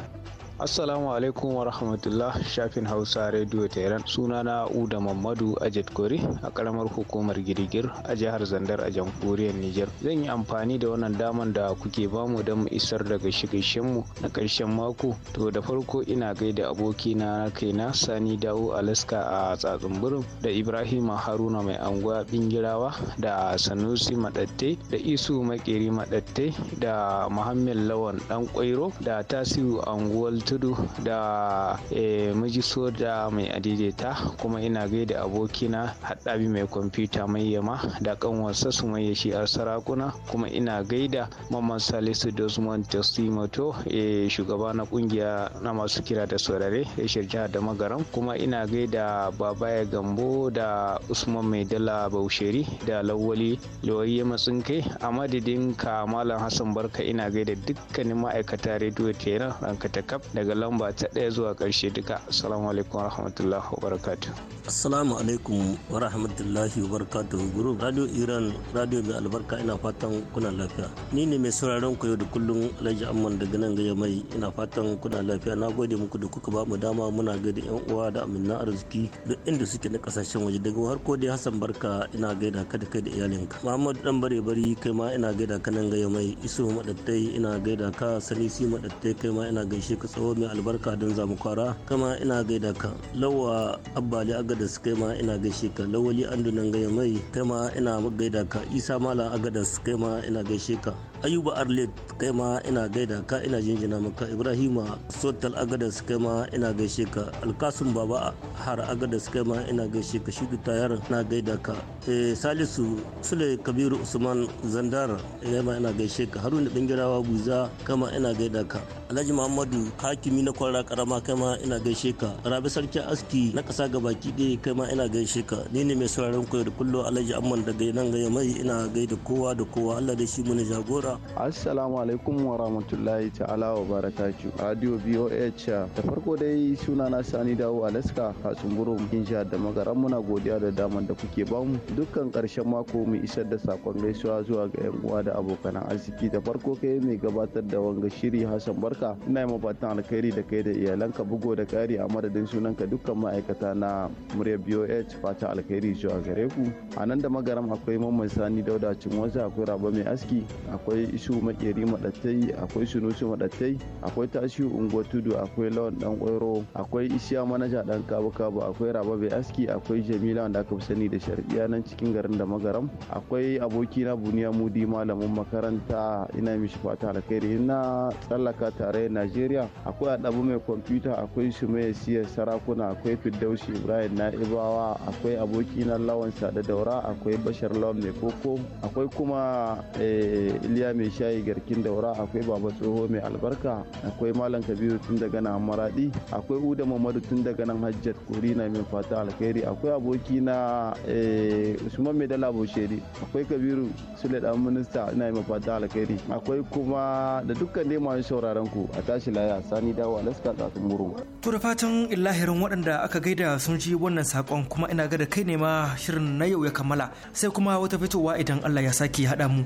Assalamu alaikum wa rahmatullah shafin Hausa Radio Tehran sunana Uda Mamadu Ajit Kori a karamar hukumar Girgir a jihar Zandar a jamhuriyar niger Zan yi amfani da wannan daman da kuke bamu don mu isar daga gaishe mu na karshen mako. To da farko ina gaida aboki na kaina Sani Dawo Alaska a Tsatsunburin da Ibrahim Haruna mai anguwa Bingirawa da Sanusi Madatte da Isu Makeri Madatte da Muhammad Lawan Dan Kwairo da Tasiu Anguwal tudu da eh, miji soja mai adaidaita kuma ina gaida abokina haɗabi mai kwamfuta mai yama da wasa su mai yashi a sarakuna kuma ina gaida mamman salisu dosman testimoto eh, shugaba na kungiya na masu kira da saurare yashir shirya da magaram kuma ina gaida babaya gambo da usman mai dala bausheri da lawali lawayye matsinkai a madadin ka malam hassan barka ina gaida dukkanin ma'aikata rediyo tera ranka ta kaf daga lamba ta ɗaya zuwa ƙarshe duka assalamu alaikum warahmatullahi wabarakatuh assalamu alaikum warahmatullahi wabarakatuh group radio iran radio mai albarka ina fatan kuna lafiya ni ne mai sauraron ku yau da kullum alhaji amman daga nan gaya mai ina fatan kuna lafiya na gode muku da kuka ba mu dama muna gaida yan uwa da aminna arziki duk inda suke na kasashen waje daga har ko dai hassan barka ina gaida ka da kai da iyalinka muhammad dan bare bari kai ma ina gaida ka nan gaya mai iso madattai ina gaida ka sanisi madattai kai ma ina gaishe ka tsawo tawa mai albarka don zamu kwara kama ina gaida ka lawa abbali agadas kai ma ina gaishe ka lawali andunan gaya mai kai ma ina gaida ka isa malam agadas kai ma ina gaishe ka ayuba arlet kai ma ina gaida ka ina jinjina maka ibrahima sotal agadas kai ma ina gaishe ka alkasun baba har agadas kai ma ina gaishe ka shi tayar na gaida ka eh, salisu sule kabiru usman zandar kai ma ina gaishe ka haruna bingirawa guza kai ma ina gaida ka alhaji muhammadu hakimi na kwara karama kai ma ina gaishe ka rabi sarki aski na kasa gabaki ɗaya kai ma ina gaishe ka ni ne mai sauraron ku da kullum alhaji amman daga nan ga mai ina gaida kowa da kowa allah da shi mu jagora Assalamu alaikum wa rahmatullahi ta'ala wa barakatu. Radio BOH da farko dai suna na Sani Dawo Alaska Katsun Burum Insha da magaran muna godiya da damar da kuke bamu. Dukkan karshen mako mu isar da sakon gaisuwa zuwa ga yan uwa da abokan arziki da farko kai mai gabatar da wanga shiri Hassan Barka. Ina yi fatan alkhairi da kai da iyalanka bugo da kari a madadin sunanka dukkan ma'aikata na muryar BOH fata alkhairi zuwa gare ku. A nan da magaram akwai Mamman Sani Dauda wasu akwai Raba Mai Aski akwai akwai isu makeri madattai akwai sunusu madattai akwai tashi unguwa tudu akwai lawan dan kwairo akwai isiya manaja dan kabu kabu akwai rababe aski akwai jamila wanda aka fi sani da sharbiya nan cikin garin da magaram akwai abokina buniya mudi malamin makaranta ina mishi fata alkhairi na tsallaka tare najeriya akwai adabu mai kwamfuta akwai su mai siyar sarakuna akwai Fiddausi ibrahim na'ibawa akwai abokina lawan sada daura akwai bashar lawan mai koko akwai kuma eh, iliya iliya mai shayi garkin daura akwai baba tsoho mai albarka akwai malam kabiru tun daga nan maradi akwai uda mamadu tun daga nan hajjat kuri na fata alkhairi akwai aboki na eh, usman mai dala bosheri akwai kabiru sule dan minista ina mai fata alkhairi akwai kuma da dukkan dai masu sauraron ku a tashi laya sani dawo alaska tsatsun muru. to da fatan illahirin waɗanda aka gaida sun ji wannan sakon kuma ina ga da kai ne ma shirin na yau ya kammala sai kuma wata fitowa idan allah ya sake haɗa mu.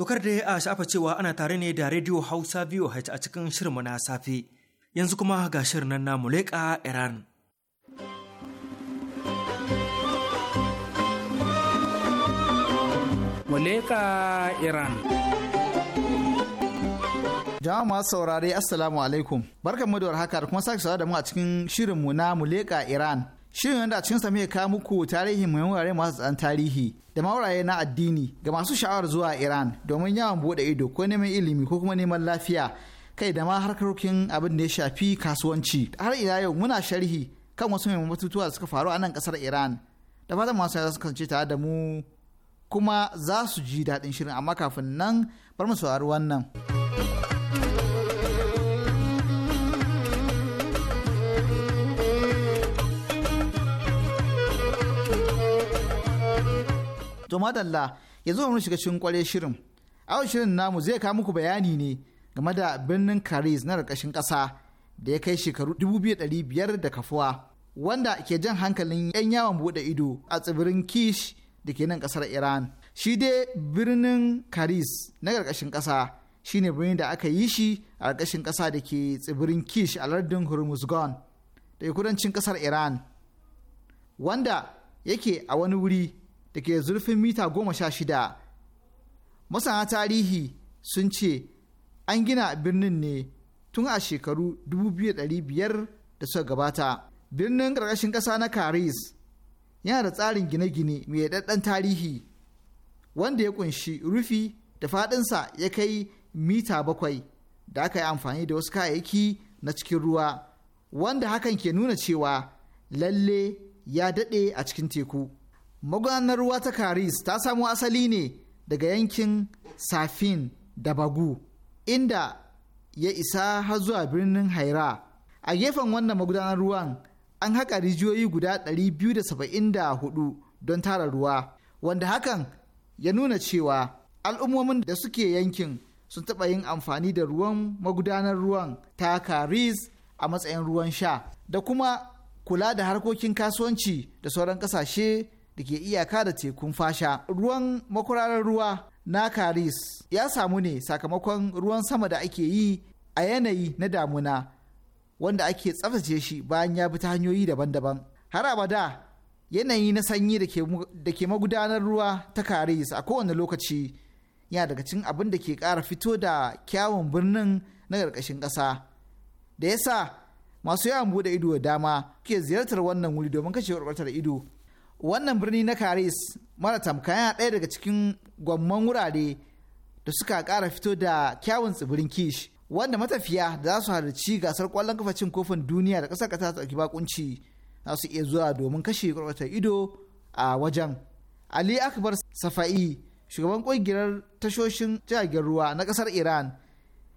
Dokar da ya a shafa cewa ana tare ne da Radio Hausa VOH a cikin shirinmu na safe. Yanzu kuma ga shirin nan na Muleka Iran. Muleka Iran. Jama'a masu saurare Assalamu alaikum. Barkan mu da warhaka da kuma sake sawa da mu a cikin shirinmu na Muleka Iran. Shirin yadda a sa mai kawo muku tarihi mai wurare masu tsan tarihi da ma mauraye na addini ga masu sha'awar zuwa Iran domin yawan bude ido ko neman ilimi ko kuma neman lafiya kai da ma harkokin abin da ya shafi kasuwanci. Har ila yau muna sharhi kan wasu mai batutuwa da suka faru a nan kasar Iran. Da fatan masu za su kasance tare da mu kuma za su ji daɗin shirin amma kafin nan bar mu saurari wannan. To madalla yanzu mu shiga cikin kware shirin. Awon shirin namu zai kawo muku bayani ne game da birnin karis na ƙarƙashin ƙasa da ya kai shekaru 2500 da kafuwa wanda ke jan hankalin 'yan yawon buɗe ido a tsibirin Kish da ke nan ƙasar Iran. Shi dai birnin karis na ƙarƙashin ƙasa shine birnin da aka yi shi a ƙarƙashin ƙasa da ke tsibirin Kish a lardin Hormuzgan da kudancin ƙasar Iran wanda yake a wani wuri da ke zurfin mita goma sha shida. Masana tarihi sun ce an gina birnin ne tun a shekaru 2500 da suka gabata. Birnin ƙarƙashin ƙasa na Karis yana da tsarin gine-gine mai daɗaɗɗen tarihi wanda ya ƙunshi rufi da faɗinsa ya kai mita bakwai da aka yi amfani da wasu kayayyaki na cikin ruwa wanda hakan ke nuna cewa lalle ya daɗe a cikin teku. magudanar ruwa ta karis ta samo asali ne daga yankin safin da bagu inda ya isa har zuwa birnin haira a gefen wannan magudanar ruwan an haƙa rijiyoyi guda 274 don tara ruwa wanda hakan ya nuna cewa al'ummomin da suke yankin sun taɓa yin amfani da ruwan magudanar ruwan ta karis a matsayin ruwan sha da kuma kula da harkokin kasuwanci da sauran ƙasashe da ke iyaka da tekun fasha ruwan makwararar ruwa na karis ya samu ne sakamakon ruwan sama da ake yi a yanayi na damuna wanda ake tsaftace shi bayan ya bi ta hanyoyi daban-daban har abada yanayi na sanyi da ke magudanar ruwa ta karis a kowane lokaci ya daga cin abin da ke ƙara fito da kyawun birnin na ƙarƙashin ƙasa da yasa masu yawon bude ido da dama ke ziyartar wannan wuri domin kashe da ido wannan birni na karis mara tamka yana ɗaya daga cikin gwamman wurare da suka ƙara fito da kyawun tsibirin kish wanda matafiya da za su halarci gasar ƙwallon kafa cin kofin duniya da ƙasar ƙasa ta ɗauki bakunci za su iya zuwa domin kashe ƙwarƙwatar ido a wajen. Ali Akbar Safa'i shugaban ƙungiyar tashoshin jiragen ruwa na ƙasar Iran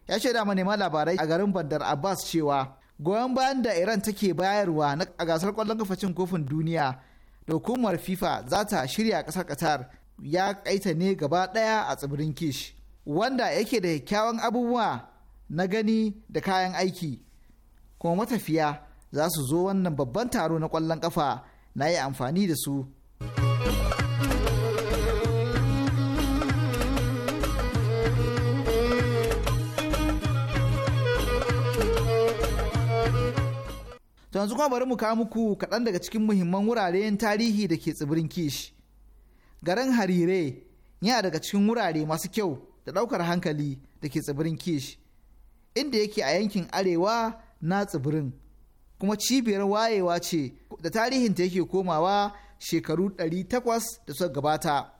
ya ce da manema labarai a garin Bandar Abbas cewa goyon bayan da Iran take bayarwa a gasar ƙwallon kafa kofin duniya da hukumar fifa za ta shirya kasar qatar ya kaita ne gaba daya a tsibirin kish wanda yake da kyakkyawan abubuwa na gani da kayan aiki kuma matafiya za su zo wannan babban taro na kwallon kafa na yi amfani da su yanzu kuma bari mu kawo muku kaɗan daga cikin muhimman wuraren tarihi da ke tsibirin kish garin harire yana daga cikin wurare masu kyau da ɗaukar hankali da ke tsibirin kish inda yake a yankin arewa na tsibirin kuma cibiyar wayewa ce da tarihinta yake komawa shekaru ɗari takwas da suka gabata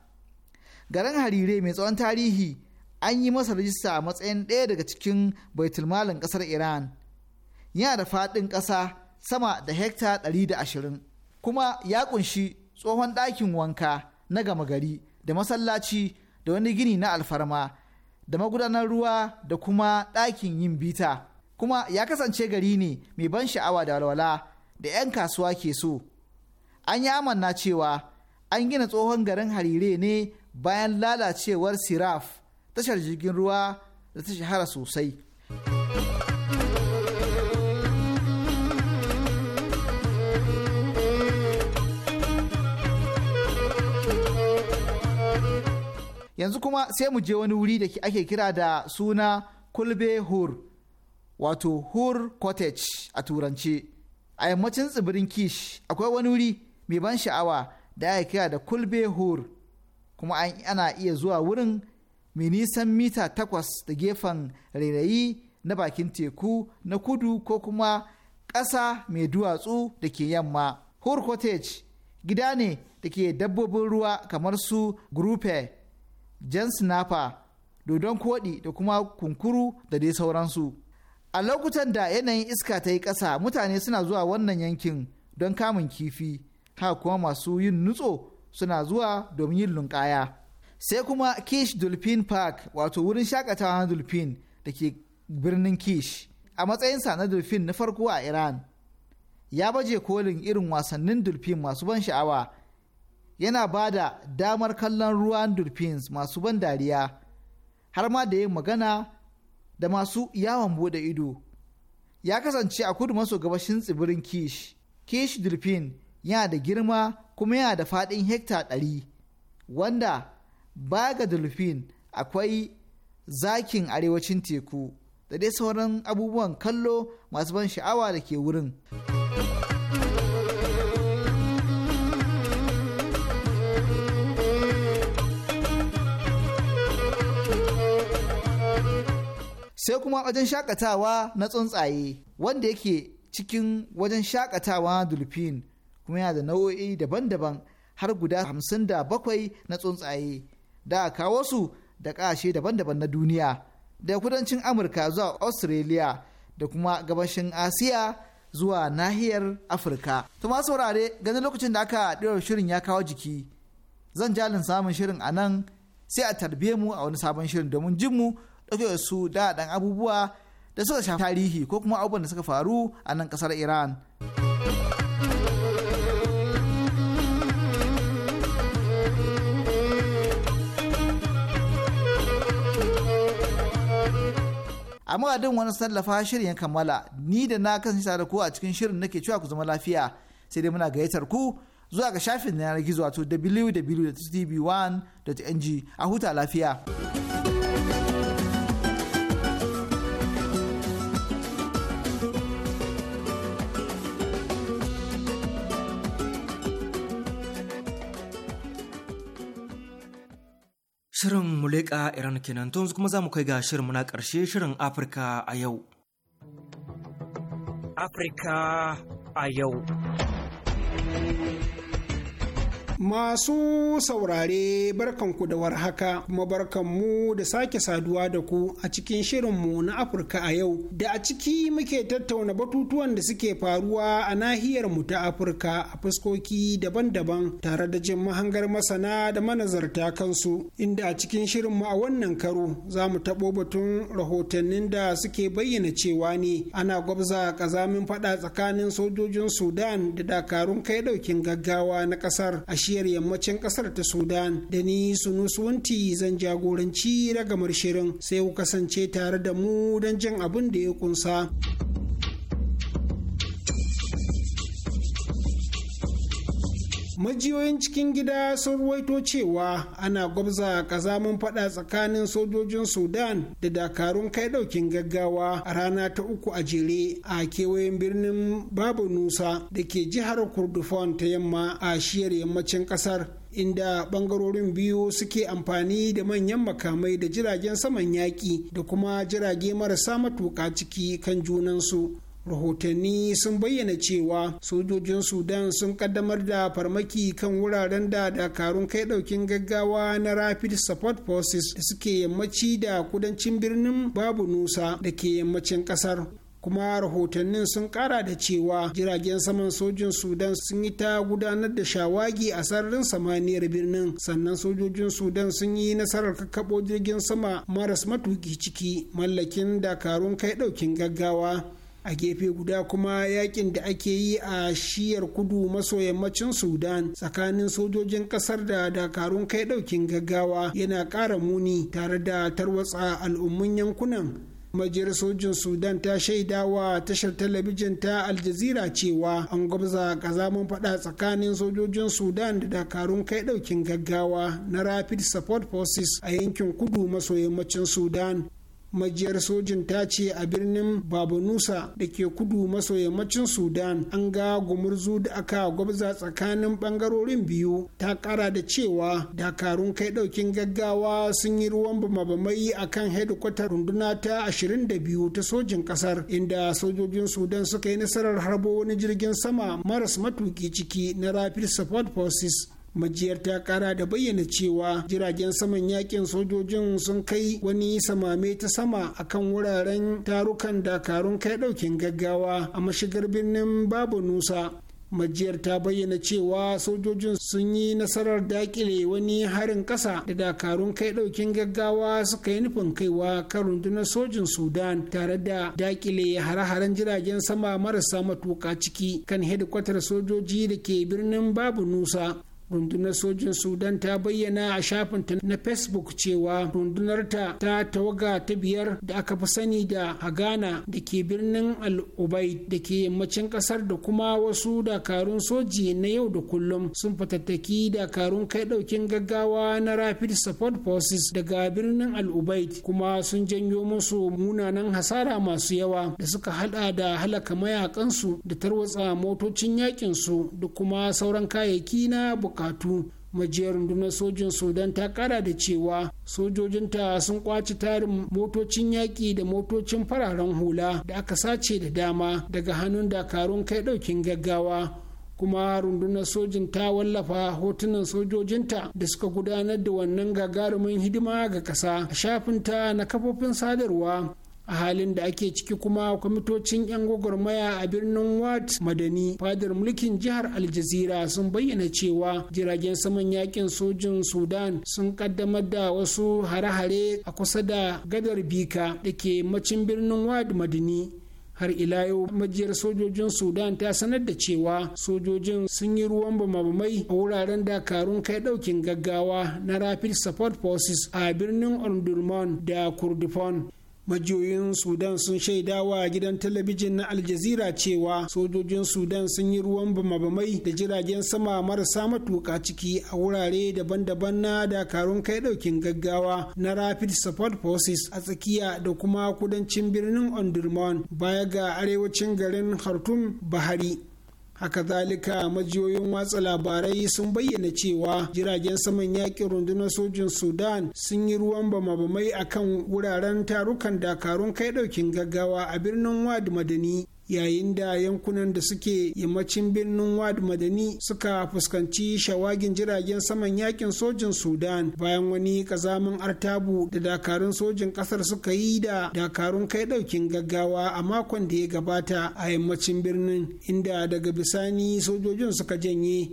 garin harire mai tsawon tarihi an yi masa rajista a matsayin ɗaya daga cikin baitulmalin ƙasar iran yana da faɗin ƙasa sama da hekta 120 kuma ya kunshi tsohon ɗakin wanka na gama gari da masallaci da wani gini na alfarma da magudanar ruwa da kuma ɗakin yin bita kuma ya kasance gari ne mai ban sha'awa da walwala da 'yan kasuwa ke so an yi amanna cewa an gina tsohon garin harire ne bayan lalacewar siraf tashar jirgin ruwa da ta shahara sosai. yanzu kuma sai mu je wani wuri da ake kira da suna kulbe hur wato hur cottage a turanci a yammacin tsibirin kish akwai wani wuri mai ban sha'awa da ake kira da kulbe hur kuma ana iya zuwa wurin mai nisan mita takwas da gefen rairayi na bakin teku na kudu ko kuma ƙasa mai duwatsu da ke yamma hur cottage gida ne da ke dabbobin ruwa kamar su grupe jan sinafa dodon koɗi da kuma kunkuru da dai sauransu a lokutan da yanayin iska ta yi ƙasa mutane suna zuwa wannan yankin don kamun kifi haka kuma masu yin nutso suna zuwa domin yin lunƙaya sai kuma kish dolphin park wato wurin shakatawa na dolphin da ke birnin kish a matsayinsa na dolphin na farko a iran ya baje kolin irin wasannin dolphin masu ban sha'awa yana ba da damar kallon ruwan dolphins masu ban dariya har ma da yin magana da masu yawon bude ido ya kasance a kudu maso gabashin tsibirin kish kish dolphin yana da girma kuma yana da fadin hekta ɗari wanda baga ga dolphin akwai zakin arewacin teku da dai sauran abubuwan kallo masu ban sha'awa da ke wurin. sai kuma wajen shakatawa na tsuntsaye wanda yake cikin wajen shakatawa dolphin kuma yana da nau'o'i daban-daban har guda hamsin da bakwai na tsuntsaye da kawo su da ƙashe daban-daban na duniya da kudancin amurka zuwa australia da kuma gabashin asiya zuwa nahiyar afirka to masu saurare ganin lokacin da aka ɗora shirin ya kawo jiki zan jalin samun shirin a nan sai a tarbe mu a wani sabon shirin domin jin mu ɗauke su da ɗan abubuwa da suka shafi tarihi ko kuma abubuwan da suka faru a nan ƙasar iran a madadin wani sallafa shirin ya kammala ni da na kasance da ku a cikin shirin nake cewa ku zama lafiya sai dai muna gayyatar ku zuwa ga shafin yanar gizo wato www.tv1.ng a huta lafiya. Shirin Muleka Iran kenan to kuma za mu kai ga shirin muna ƙarshe shirin Afirka a yau. Afirka a yau. Masu saurare barkanku da warhaka kuma barkanmu da sake saduwa da ku a cikin shirinmu na Afirka a yau da a ciki muke tattauna batutuwan da suke faruwa a nahiyar mu ta Afirka a fuskoki daban-daban tare da jin mahangar masana da manazarta kansu inda a cikin shirinmu a wannan karo za mu taɓo batun rahotannin da suke bayyana cewa ne ana gwabza ƙazamin faɗa tsakanin sojojin Sudan da dakarun kai ɗaukin gaggawa na ƙasar a shiyar yammacin kasar ta sudan da ni sunusunti zan jagoranci ragamar shirin sai ku kasance tare da mu don jin abin da ya kunsa. majiyoyin cikin gida sun ruwaito cewa ana gwabza kazamin fada tsakanin sojojin sudan da dakarun kai daukin gaggawa a rana ta uku a jere a kewayen birnin babu nusa da ke jihar kurdufan ta yamma a shiyar yammacin kasar inda bangarorin biyu suke amfani da manyan makamai da jiragen saman yaƙi da kuma jirage marasa matuƙa ciki kan junansu rahotanni sun bayyana cewa sojojin sudan sun kaddamar da farmaki kan wuraren da dakarun kai daukin gaggawa na rapid support forces da suke yammaci da kudancin birnin babu nusa da ke yammacin kasar kuma rahotannin sun kara da cewa jiragen saman sojin sudan sun yi ta gudanar da shawagi a sararin samaniyar birnin sannan sojojin sudan sun yi nasarar kakkaɓo jirgin sama maras matuki ciki mallakin dakarun kai daukin gaggawa a gefe guda kuma yakin da ake yi a shiyar kudu maso yammacin sudan tsakanin sojojin kasar da dakarun kai daukin gaggawa yana ƙara muni tare da tarwatsa al'ummun yankunan majiyar sojin sudan ta shaida wa tashar talabijin ta aljazira cewa an gwabza kazamin fada tsakanin sojojin sudan da dakarun kai daukin gaggawa na rapid support forces a yankin kudu maso yammacin sudan majiyar sojin ta ce a birnin babanusa da ke kudu maso yammacin sudan an ga gumurzu da aka gwabza tsakanin bangarorin biyu ta kara da cewa dakarun kai daukin gaggawa sun yi ruwan bamabamai a kan hedikwatar runduna ta 22 ta sojin kasar inda sojojin sudan suka yi nasarar harbo wani jirgin sama maras matuki ciki na rapid support forces majiyar ta kara da bayyana cewa jiragen saman yakin sojojin sun kai wani samame ta sama akan wuraren tarukan dakarun kai daukin gaggawa a mashigar birnin babu nusa majiyar ta bayyana cewa sojojin sun yi nasarar dakile wani harin kasa da dakarun kai daukin gaggawa suka yi nufin kaiwa kan rundunar sojin sudan tare da dakile hare-haren jiragen sama marasa matuka ciki kan hedikwatar sojoji da ke birnin babu nusa rundunar sojin sudan ta bayyana a shafinta na facebook cewa rundunarta ta tawaga ta biyar da aka fi sani da hagana da ke birnin al'ubai da ke yammacin kasar da kuma wasu dakarun soji na yau da kullum sun fatattaki dakarun kai daukin gaggawa na rapid support forces daga birnin al'ubai kuma sun janyo musu munanan hasara masu yawa da suka hada da halaka mayakansu da tarwatsa motocin yakin su da kuma sauran kayayyaki na bukatu majiyar rundunar sojin sudan ta kara da cewa sojojinta sun kwaci tarin motocin yaƙi da motocin fararen hula da aka sace da dama daga hannun dakarun kai ɗaukin gaggawa kuma rundunar sojin ta wallafa hotunan sojojinta da suka gudanar da wannan gagarumin hidima ga ƙasa a shafinta na kafofin sadarwa a halin da ake ciki kuma kwamitocin 'yan gwagwarmaya a birnin wat madani fadar mulkin jihar aljazira sun bayyana cewa jiragen saman yakin sojin sudan sun kaddamar da wasu hare-hare a kusa da gadar bika da ke macin birnin wat madani har ila yau majiyar sojojin sudan ta sanar da cewa sojojin sun yi ruwan bamabamai a wuraren dakarun kai daukin gaggawa na rapid support forces a birnin ondurman da kurdifon majiyoyin sudan sun shaida wa gidan talabijin na aljazira cewa sojojin sudan sun yi ruwan bamabamai da jiragen sama marasa matuka ciki a wurare daban-daban na dakarun kai daukin gaggawa na rapid support forces a tsakiya da kuma kudancin birnin ondurman baya ga arewacin garin khartoum bahari A zalika majiyoyin watsa labarai sun bayyana cewa jiragen saman yakin rundunar sojin sudan sun yi ruwan bama-bamai akan wuraren tarukan dakarun kai daukin gaggawa a birnin wad madani yayin da yankunan da suke yammacin birnin wad madani suka fuskanci shawagin jiragen saman yakin sojin sudan bayan wani kazamin artabu da dakarun sojin kasar suka yi da dakarun kai daukin gaggawa a makon da ya gabata a yammacin birnin inda daga bisani sojojin suka janye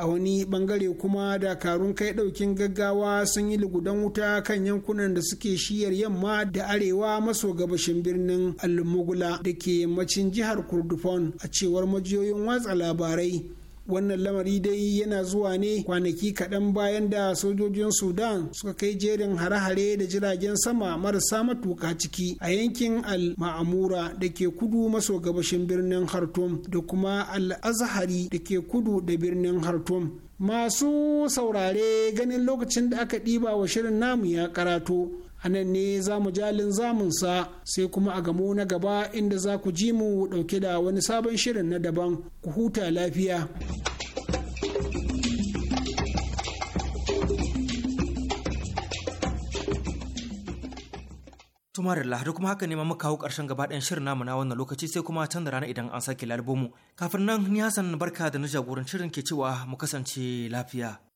a wani bangare kuma dakarun kai daukin gaggawa sun yi lugudan wuta kan yankunan da suke shiyar yamma da arewa maso gabashin birnin al-mugula da ke yammacin jihar kurdufon a cewar majiyoyin watsa labarai wannan lamari dai yana zuwa ne kwanaki kaɗan bayan da sojojin sudan suka kai jerin hare-hare da jiragen sama marasa matuka ciki a yankin al-ma'amura da ke kudu maso gabashin birnin khartoum da kuma al-azhari da ke kudu da birnin khartoum masu saurare ganin lokacin da aka ɗiba wa shirin namu ya karatu. a nan ne za mu jalin zamunsa sai kuma a gamo na gaba inda za ku ji mu dauke da wani sabon shirin na daban ku huta lafiya. kuma da lahadi kuma haka ne ma kawo ƙarshen gaba ɗayan shirin namu na wannan lokaci sai kuma can da rana idan an sake mu Kafin nan ni Hassan barka da na jagorancin shirin ke cewa mu kasance lafiya.